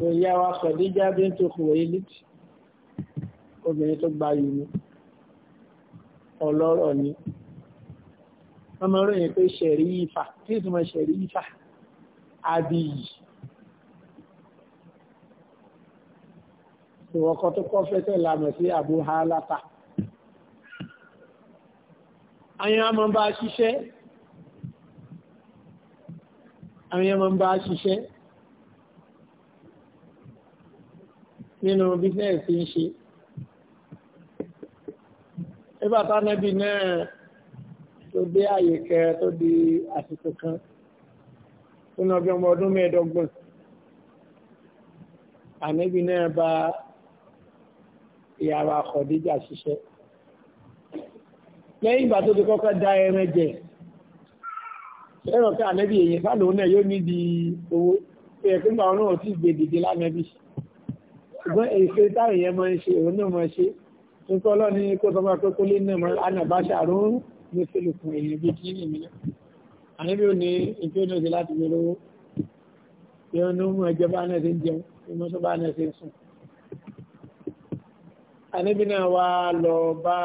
tó yá wa Khadija bintu Khuwailid obìnrin tó gbayì ni ọlọ́rọ̀ ni wọ́n mọ̀ ròyìn pé ṣẹ̀rí ìfà tí ìtumọ̀ ṣẹ̀rí ìfà àbíyì ìwọ̀kọ́ tó kọ́ fẹ́tẹ̀ lámọ̀ sí Abu Halata àwọn ọmọ bá ṣiṣẹ́ nínú bísínẹ̀sì ń ṣe nígbàtá nẹ́bí náà tó dé àyè kẹ tó di àsìkò kan tó náà bí ọmọ ọdún mẹ́ẹ̀ẹ́dọ́gbọ̀n ànẹ́bí náà bá ìyàwó àkọ́díjà ṣiṣẹ́ lẹ́yìn ìgbà tó ti kọ́kọ́ da ẹran jẹ ẹ̀rọ ká ànẹ́bí èyí fálòó náà yóò di owó ẹ̀kúngbà ọ̀run ò tí gbèdìdì lánàbí ṣe ṣùgbọ́n èsè táwọn èèyàn máa ń ṣe òun náà máa ṣe nǹkan ọlọ́ni kó tó máa pẹ́ kó lé náà máa ànàbáṣà rún ní fílùkùn èèyàn bíi kí ní ìmìnà àníbí ò ní ìpínlẹ̀ òsì láti gbé lówó ìyọ́n ní mú ẹjọ́ bá náà ti ń jẹun ìmọ̀ tó bá náà ti ń sùn. àníbí náà wá lọ bá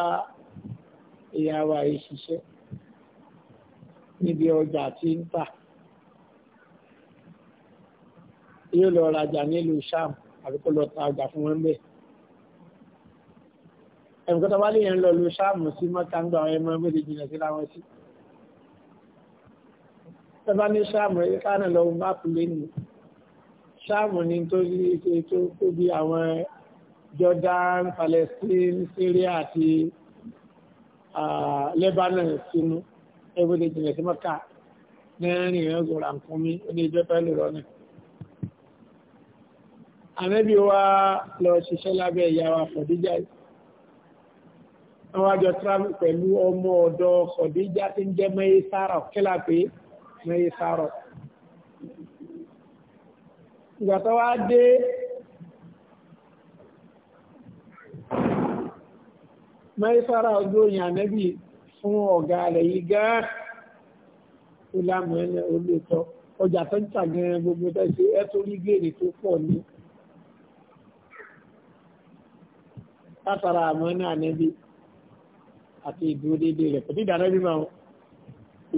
ìyá wa yìí ṣiṣẹ́ níbi ọjà tí ń tà yóò lọ rajà nílùú sáàmù àbí kó lọ ta ọjà fún wọn bẹ́ẹ̀. ẹnìkan tó bá lè yẹn lọ lu sáàmù sí mọ́ta ń gba àwọn ẹmọ ẹgbẹ́ ìjìnlẹ̀ sí láwọn sí. tó bá ní sáàmù rẹ̀ ká náà lọ máàpù lẹ́nu sáàmù ni tó ṣe tó tóbi àwọn Jordan Palestine Syria àti Lebanon sínú ẹgbẹ́ ìjìnlẹ̀ sí mọ́ta ní ẹ̀rín ìrìn ọgọ́ra nǹkan mi ní ìjọba ìlú rọ ànábì wa lọ ṣiṣẹ́ lábẹ́ ìyá wa Khadija àwọn àjọ travel pẹ̀lú ọmọ ọ̀dọ́ Khadija tí ń jẹ́ mẹ́yẹ sárọ̀ kílà pé mẹ́yẹ sárọ̀ ìgbà tó wá dé mẹ́yẹ sárọ̀ ọjọ́ òyìn ànábì fún ọ̀gá rẹ̀ yìí gán ó ẹ̀ ọjà tó ń tà gbogbo tẹ́sí ẹ́ torí gbèrè tó pọ̀ ní látara àmọ́ ní ànẹ́bí àti ìdúró déédéé rẹ̀ pẹ̀lú ìdánẹ́bí máa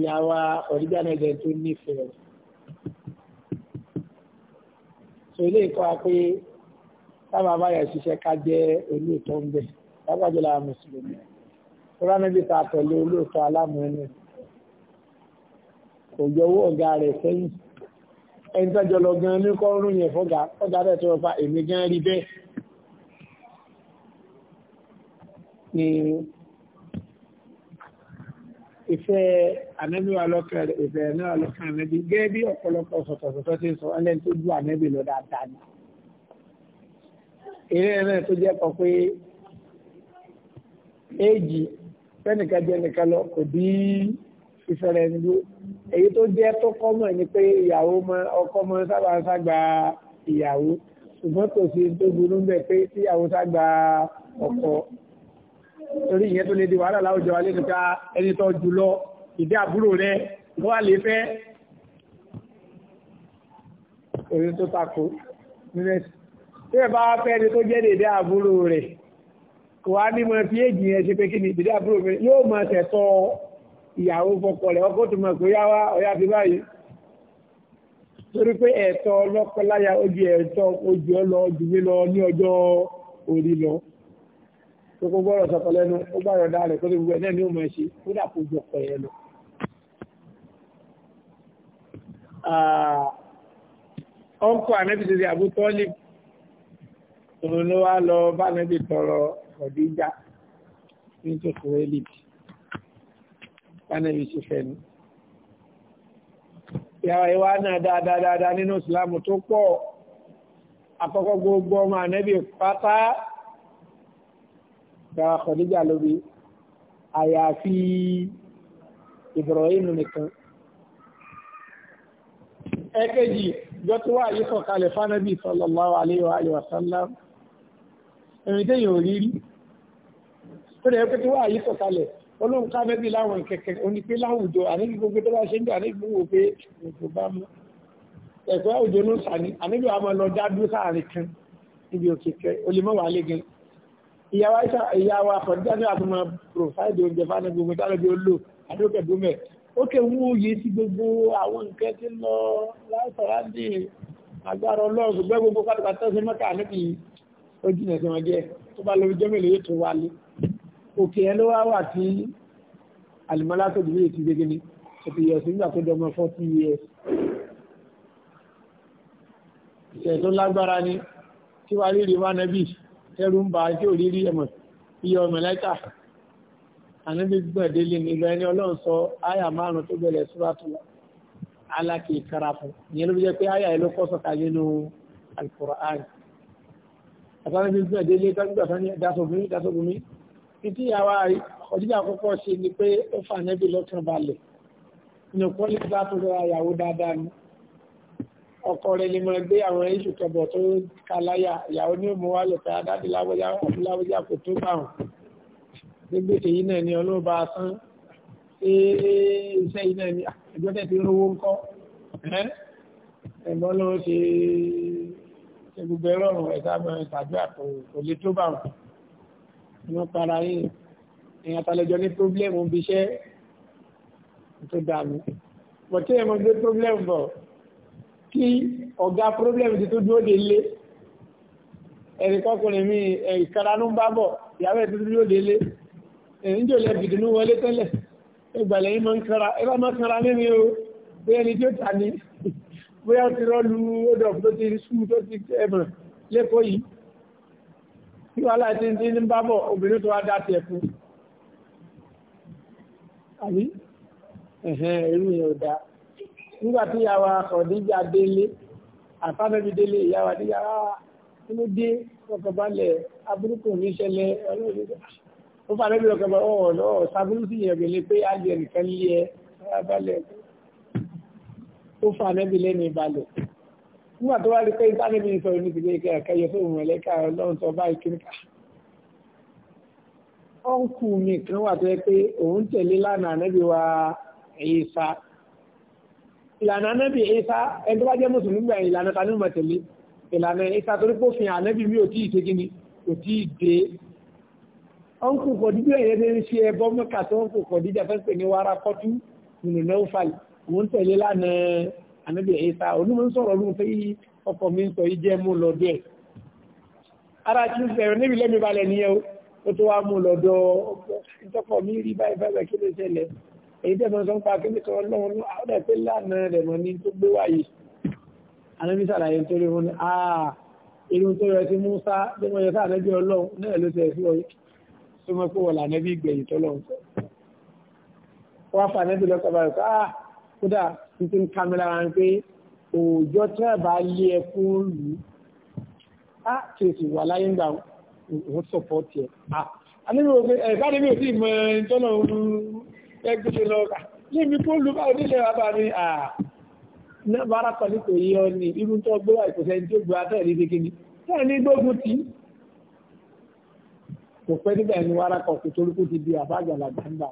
ìyàwó ọ̀rígbànẹ́jẹ tó nífẹ̀ẹ́ rẹ̀. sọ ilé ìkọ́ wa pé sábà báyọ̀ ṣiṣẹ́ ká jẹ́ olóòótọ́ ń bẹ̀ lágbàjọ́ la mùsùlùmí rárá níbi ta tẹ̀lé olóòótọ́ alámọ̀ ẹni kò jọ owó ọ̀gá rẹ̀ sẹ́yìn ẹni tọ́jọ́ lọ gan-an ní kọ́rùn-ún yẹn fọ́gà fọ́gà rẹ̀ tó rọ pa èmi gan-an rí bẹ́ẹ̀. ni ìfẹ́ ànẹ́bí wa lọ́kàn rẹ̀ ìfẹ́ náà lọ́kàn ànẹ́bí gẹ́gẹ́ bí ọ̀pọ̀lọpọ̀ sọ̀tọ̀sọ̀tọ̀ ti sọ ẹlẹ́ni tó ju ànẹ́bí lọ dáadáa ni. eré náà tó jẹ́ kọ pé éèjì fẹ́nìkan jẹ́ nìkan lọ kò bí ìfẹ́rẹ́ ń dúró èyí tó jẹ́ tó kọ́mọ̀ ni pé ìyàwó ọkọ mọ sábà ń ságbà ìyàwó ṣùgbọ́n kò sí tó burú bẹ́ẹ̀ pé tíyàwó ságbà ọkọ torí ìyẹn tó lè di wàhálà láwùjọ alẹ́ nípa ah, ẹni tó jùlọ ìdí àbúrò rẹ̀ ló wà lè fẹ́ orí tó takò nílẹ̀sì tí ẹ bá fẹ́ ẹni tó jẹ́ dèdè àbúrò rẹ̀ kò wá ní mọ fi èjì yẹn ṣe pé kí ni dèdè àbúrò rẹ̀ yóò mọ tẹ̀tọ́ ìyàwó fọkọ rẹ̀ ọkọ tó mọ̀ pé ó yá wá ọ̀yá fi báyìí torí pé ẹ̀tọ́ ọlọ́kọ láya ojú ẹ̀tọ́ ojú ọlọ́ lọ ní ọjọ́ orí lọ tó kó gbọ́rọ̀ sọ̀kọ̀ lẹ́nu ó bá yọ̀dá rẹ̀ pẹ̀lú gbogbo ẹ̀ náà ní òmò ẹ̀ṣẹ̀ ó dà kó jọ pẹ̀ yẹn lọ. ọkọ̀ ah, ànẹ́bí ti di Abu Talib òun ló wá lọ bá ànẹ́bí tọrọ Khadija ní tó kúrẹ́ lìdí ṣe fẹ́ ìyàwó ìwà náà dáadáa nínú ìsìlámù tó pọ̀ àkọ́kọ́ gbogbo ọmọ ànẹ́bí pátá ìyá Khadija ló bí àyàfi Ibrahim nìkan ẹ̀kẹ́jì jọ tó wà yí sọ̀kalẹ̀ fánàbí sallallahu alaihi wa sallam ẹ̀rìn tẹ́ yóò rí rí tó rẹ̀ pẹ́ tó wà yí sọ̀kalẹ̀ olóhùn ká mẹ́bí láwọn kẹ̀kẹ́ onípé láwùjọ àníbi gbogbo tó bá ṣe ń jọ àníbi gbogbo pé kò bá mú ẹ̀kọ́ àwùjọ ló sàní àníbi àwọn lọ dá dúró sáàrin kan níbi òkèkẹ́ olè mọ́wàá lé gan ìyàwó àìsà ìyàwó àfọ̀díjà ní àtúmọ̀ pòfáìdì oúnjẹ fáwọn gbogbo tálẹ́bí olú àdókè gómẹ̀ ó kè wú yìí sí gbogbo àwọn nǹkan tí lọ láìsàrádì agbára ọlọ́run ṣùgbọ́n gbogbo pátápátá sí mọ́ta níbi ó jìnà sí wọn jẹ́ tó bá lórí jẹ́mẹ̀lẹ̀ yóò tó wálé òkè ẹ ló wá wà tí àlùmọ́lá tó dùn yìí ti gbégbé ni ṣètò nígbà tó dọmọ forty years ìṣẹ̀ tó lágbára ni tí wàá rí rí wá nẹ́bí tẹ́rù ń ba tí ò rírí ẹ̀mọ̀ iye ọmọ lẹ́tà ànábì gbọ̀délé nígbà ẹni ọlọ́run sọ àyà márùn tó bẹ̀rẹ̀ súrátù alákì karafù ìyẹn ló fi jẹ́ pé àyà ẹ̀ ló kọ́ sọ̀kà nínú alukur'an àtànábì gbọ̀délé gbàgbà sani dasọ̀bùnmi dasọ̀bùnmi títí àwa ọdún àkọ́kọ́ ṣe ni pé ó fà nẹ́bí lọ́kàn balẹ̀ ìyẹn kọ́lé bá tó dáadáa ni ọkọ rẹ̀ lè máa gbé àwọn iṣu kẹbọ̀ tó kaláyà ìyàwó ní òmù wá lọ́pẹ́ adáde lábọ́já kò tó bá wọn gbégbé èyí náà ni ọlọ́ba asán iṣẹ́ yìí náà ni ẹjọ́ tẹ̀ ti rówó ń kọ́ ẹ̀gbọ́n ló ṣe ṣe gbogbo ẹ̀rọ ọ̀rùn ẹ̀sà tàbí kò lè tó bá wọn wọn para yìí èèyàn àtàlẹ́jọ ní pírọ́blẹ́mù bí tó dànù bọ̀tí ẹ̀mọ́ gbé pírọ́blẹ́mù bọ̀ kí ọ̀gá problem ti tó dúró de lé ẹ̀rìkọ́kùnrin mi ìkaranú bá bọ̀ ìyàwó ẹ̀ tó dúró de lé ẹ̀yìn jò lẹ́ bìdínú wọlé tẹ́lẹ̀ ìgbàlẹ̀ yìí máa ń kára ẹ bá máa kára mímí o bóyá ẹni tí ó tà ní bóyá ó ti rọ́lu odò tó ti rí sùn tó ti ẹ̀mọ̀ lẹ́kọ̀ọ́ yìí tí wàhálà ti ń dín ní bá bọ̀ obìnrin tó wá dá tiẹ̀ fún àbí ẹ̀hẹ́n irú yẹn ò dáa nígbà tí yàwá ọ̀díjà délé àfáfẹ́bí délé ìyàwó adéyàwó inú dé ọkọ̀balẹ̀ aburúkú ní ìṣẹ̀lẹ̀ ọlọ́ọ̀dẹ́gbẹ̀ ó fà lẹ́bí ọkọ̀bá ọ̀ọ̀lọ́ sàbúrú sí ìyẹ̀bẹ̀lẹ̀ pé àjẹ́ nìkan lé ẹ ọ̀rọ̀balẹ̀ ó fà lẹ́bí lẹ́nu ìbalẹ̀ nígbà tó wá rí pé ìtànẹ́bí sọ ní ti gbé kẹyọ fún òun ẹlẹ́ka ọlọ́run tó bá ìkíríkà ọ̀nkù mi kan wà tó yẹ pé òun tẹ̀lé lánàá nẹ́bí wa ẹ̀yẹ sa ìlànà anábì Ìsá ẹni tó bá jẹ́ mùsùlùmí gbà ìlànà tani mọ̀ tẹ̀lé ìlànà Ìsá torí pé òfin anábì mi ò tí ì segin ni kò tí ì dé ọ̀nkù kọ̀dídé ẹ̀yẹ́ ti ń ṣe ẹbọ mẹ́ka tó ọ̀nkù kọ̀dídé fẹ́sẹ̀ ní wàrà kọ́tú nínú náà fàlì òun tẹ̀lé lánà anábì Ìsá onímọ̀ ń sọ̀rọ̀ fẹ́ yí ọkọ̀ mi sọ yí jẹ́ mú lọ bẹ́ẹ̀ ara ti ń sẹ̀rọ̀ níbi lẹ́mi balẹ̀ nìyẹn o tó wá mú lọ́dọ̀ ọkọ̀ mi rí báyìí báyìí èyí tẹ́sán sọ ń pa kí nìkan ọlọ́run àwọn ẹ̀pẹ́ lánàá rẹ̀ mọ̀ ní tó gbé wáyé anábí sàlàyé torí wọn ni àà irun tó yọ sí Musa tó mọ̀ yọ sí ànábí ọlọ́run náà ló tẹ̀ sí ọyọ́ tó mọ̀ pé wọ́n là ànábí ìgbẹ̀yìn tọ́lọ́run sọ. wọ́n fa ànábí lọ́kọ̀ báyìí pé àà kódà tuntun kámẹ́lá wa ń pé òòjọ́ tí wọ́n bá lé ẹ fún lù ú á tètè wà láyé ńgbà wọ́n sọ̀pọ̀ tiẹ̀ ẹgbẹ́ lọ́ọ̀kà ah, níbi tó lù bá onílẹ̀ bàbá ah, ni bára kan ní kò yí ọ ní irú tó gbé wà ìkòsẹ́ ní tó gbé abẹ́ ní kékeré náà ní gbógun tí kò pẹ́ nígbà ní wára kò torí kó ti di àbájáde ńgbà.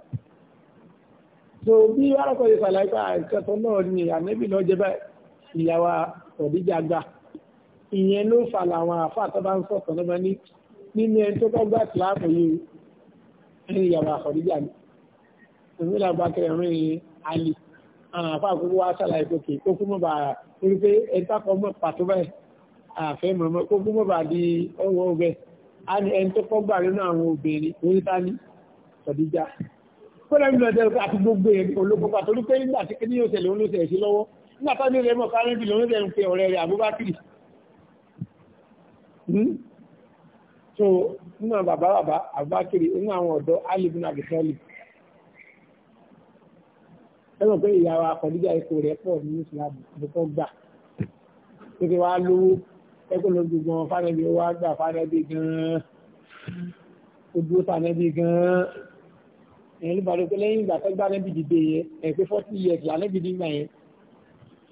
so bí wára kan yóò ṣàlàyé pé àìsàn ah, ni ànẹ́bí náà jẹ́ báyìí ìyàwó ọ̀díjà gbà ìyẹn ló fà làwọn àfáà tó bá ń sọ̀tàn lọ́mọ ní nínú ẹni tó kọ́ gbà tìláàmù ìyàwó àkọ̀díjà ni ìmúlẹ̀ àgbàkẹ́ ẹ̀rín alì àwọn àfa àkókò wa ṣàlàyé pé kó kú mọ́ bá a torí pé ẹni tá kọ́ mọ́ pàtó báyìí àfẹ́ mọ̀mọ́ kó kú mọ́ bá di ọwọ́ ọbẹ̀ á ní ẹni tó kọ́ gbà nínú àwọn obìnrin orí tá ní Khadija kó lẹ́nu lọ́jọ́ àti gbogbo ẹ̀ olóko pàtó torí pé nígbà tí kí ni yóò ṣẹlẹ̀ olóṣẹ̀ sí lọ́wọ́ nígbà tá ní rẹ̀ mọ̀ kárẹ́bì lọ́wọ́ rẹ̀ ń pe ọ̀rẹ́ rẹ̀ Abubakar hmm? so nínú bàbá bàbá Abubakar nínú àwọn ọ̀dọ́ Ali bin Abi lọ́wọ́ pé ìyàwó akọ̀díjà ipò rẹ̀ pọ̀ ní ìsìlámù àdúgbò gbà pé wàá lówó ẹkọ ló gbogbo wọn fánẹbí ó wá gbà fánẹbí gan-an ó dúró fánẹbí gan-an ẹ̀yìn ló bá lọ pé lẹ́yìn ìgbà tó gbá dìde yẹn ẹ̀ pé forty years lànẹ́bí dìgbà yẹn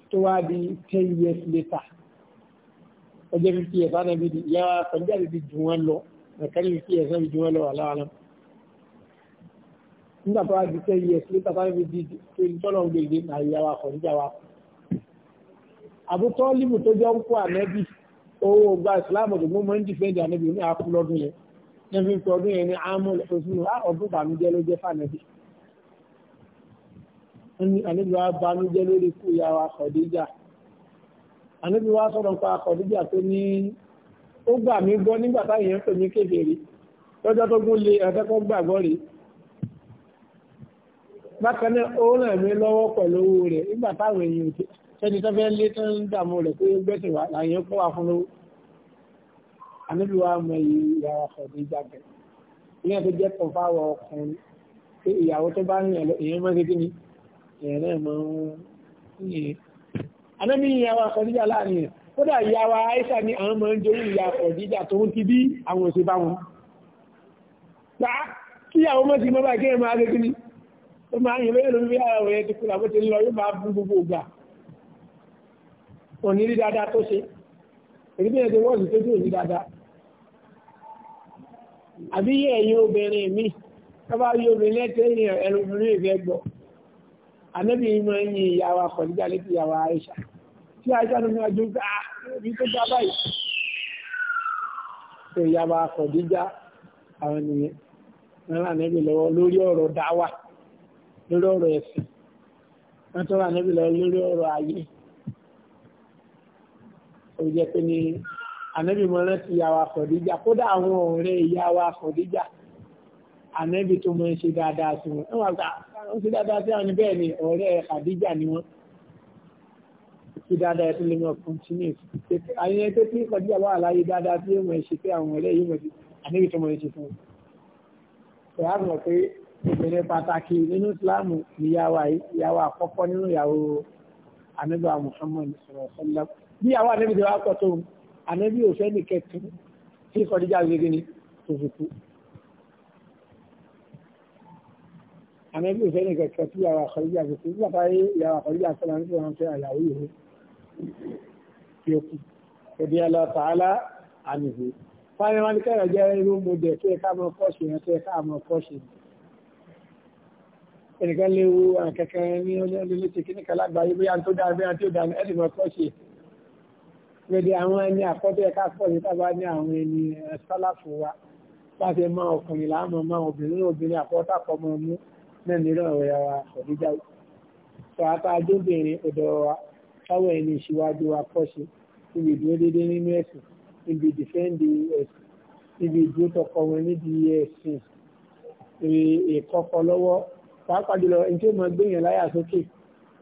tó wá di ten years later ọjọ́ fifty years lànẹ́bí dì ìyàwó akọ̀díjà ti di jù wọ́n lọ ẹ̀ka ní fifty years lànẹ́bí jù wọ́n lọ wà náà nígbà tó wá di ten years ní tàbí fi di twenty tọ́lọ̀ ń gbèdé náà ìyá wa kọ̀ níjà wa. àbútọ́ límù tó jọ ń kó ànẹ́bì owó gba ìsìláàmù tó gbọ́n mọ́ ń dìfẹ́ǹdì ànẹ́bì ní àkú lọ́dún yẹn ní fi ń pẹ ọdún yẹn ní àmú ìfòsínú ọdún bàmíjẹ́ ló jẹ́ fànẹ́bì. ànẹ́bì wa bàmíjẹ́ lórí ikú ìyá wa kọ̀ níjà. ànẹ́bì wa sọ̀rọ̀ nípa kọ̀ níjà tó ní ó gbà mí gbọ́ nígbà táyẹn ń bákan náà ó ràn mí lọ́wọ́ pẹ̀lú owó rẹ̀ nígbà táwọn èèyàn ti sẹ́ni tó fẹ́ lé tó ń dààmú rẹ̀ pé gbẹ́sẹ̀ wà láyé kó wà fún lówó àníbi wa mọ ìyá ọ̀dọ̀ ìjàgbẹ́ ìyẹn tó jẹ́ kàn fáwọn ọkùnrin pé ìyàwó tó bá ń yàn lọ èèyàn máa ń ṣe èèyàn náà máa ń yìn ànábi ìyá wa kọ̀díjà láàrin rẹ̀ kódà ìyá wa Aisha ni àwọn máa ń jẹ́ ìyá kọ̀díjà tó ń ti bí àwọn òṣèbá wọn. Kí àwọn ọmọ ti mọ́ báyìí kí ó máa ń yẹ lóyè lórí ara rẹ̀ ti kúrò àbó ti lọ yóò máa bú gbogbo ìgbà òní rí dáadáa tó ṣe èyí bí ẹ̀dẹ̀ wọ́ọ̀sì tó dùn ní dáadáa àbí yẹ ẹ̀yin obìnrin mi tó bá yí obìnrin lẹ́tẹ̀ẹ́yìn ẹlòmíràn ìfẹ́ gbọ́ ànábì yìí máa ń yin ìyàwó akọ̀díjà létí ìyàwó àìsà tí àìsà ló máa dùn gbà bí tó dá báyìí tó ìyàwó akọ̀díjà àwọn ènìyàn lọ́wọ́ lórí ọ̀rọ̀ dáwà lórí ọ̀rọ̀ ẹ̀sìn wọ́n tún wà níbi lọ lórí ọ̀rọ̀ ayé ó jẹ́ pé ní ànábì mọ́ rántí ìyàwó àfọ̀díjà kódà àwọn ọ̀rẹ́ ìyàwó àfọ̀díjà ànábì tó mọ́ ń ṣe dáadáa sí wọn wọ́n wà gbà ń ṣe dáadáa sí àwọn bẹ́ẹ̀ ni ọ̀rẹ́ àdíjà ni wọ́n ṣe dáadáa tó lè mọ̀ kọ́ntínú àyẹn tó tí kọjá wà láyé dáadáa tí yóò mọ̀ ṣe pé àwọn ọ̀rẹ́ yóò mọ̀ sí ànábì tó mọ̀ ṣe fún wọn ìpele pàtàkì nínú ìsìláàmù níyàwó ìyàwó àkọ́kọ́ nínú ìyàwó anábì Muhammad sọ̀rọ̀sọ́lá bí ìyàwó anábì tí wàá pọ̀tó anábì òfẹ́ni kẹtù tí kọdíjà gbégbé ni tó fi kú. anábì òfẹ́ni kẹtù tí ìyàwó àkọ́díjà fi kú nígbà táyé ìyàwó àkọ́díjà sọ́lá nígbà wọn fẹ́ àyàwó yìí tí ó kú. òdi ẹ̀ lọ tààlà àmì fáwọn ẹni wọn jẹ́ irú mo dẹ̀ tó ẹ ẹnìkan léwu àkẹ́kẹ́ ní olóòlù ti kíníkà lágbàáyé bóyá tó dáa bóyá tó dáa ẹ̀sìn mọ́ kọ́ọ̀ṣì gbẹ̀dẹ̀ àwọn ẹni àkọ́bẹ̀ ẹ̀ka pọ̀ ní tábà ní àwọn ẹni sálàfù wa láti máa ọkùnrin láàmú máa obìnrin obìnrin àkọ́tàkọ́ mọ́ mú náà nílò ọ̀rẹ́ wa ọ̀dídá sọ àtàjọ́bìnrin ọ̀dọ̀ wa táwọn ẹni ìṣíwájú wa kọ́ṣe níbi ìdúró dédé nínú ẹ̀sìn níbi ìdìfẹ́ǹdì ẹ̀sìn níbi ìdúró tọkọ wọn níbi ẹ̀sìn ìkọ́kọ lọ́wọ́ pàápàá jùlọ ẹni tí ó máa gbéyàn láyà sókè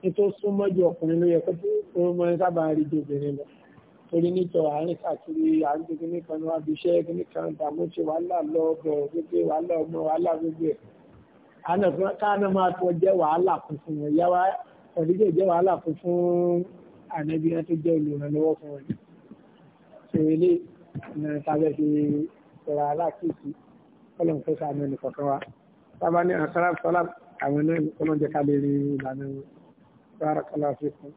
ní tó súnmọ́ ju ọkùnrin ló yẹ kó tí ó mọ ní sábà rí ju obìnrin lọ torí nítọ àárín káàkiri àárín kíní kan ní wá bí iṣẹ́ kíní kan dààmú ṣe wàhálà lọ bẹ̀rẹ̀ gbégbé wàhálà ọmọ wàhálà gbogbo ẹ̀ káàná máa tọ́ jẹ́ wàhálà kún fún wọn yá wa ẹ̀ríjẹ́ jẹ́ wàhálà kún fún ànẹ́bí wọn tó jẹ́ olùrànlọ́wọ́ fún wọn. ṣèwélé ní sábẹ́ fi ṣọ̀rọ̀ aláàkíyèsí kọ́lọ̀ ń fẹ́ sàmì ẹnì kọ̀ọ̀kan wa sábà ní àṣàrà sọ́lá àwọn náà ọlọ́jẹ́ ká lè rí ìlànà wọn bárakàlá fíkún